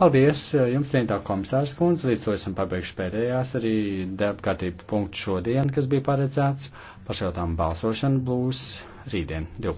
Paldies eh, jums, cienītā komisārs kundze, līdz to esam pabeigšu pēdējās arī debkatību punktu šodien, kas bija paredzēts. Par šo tām balsošana būs rītdien.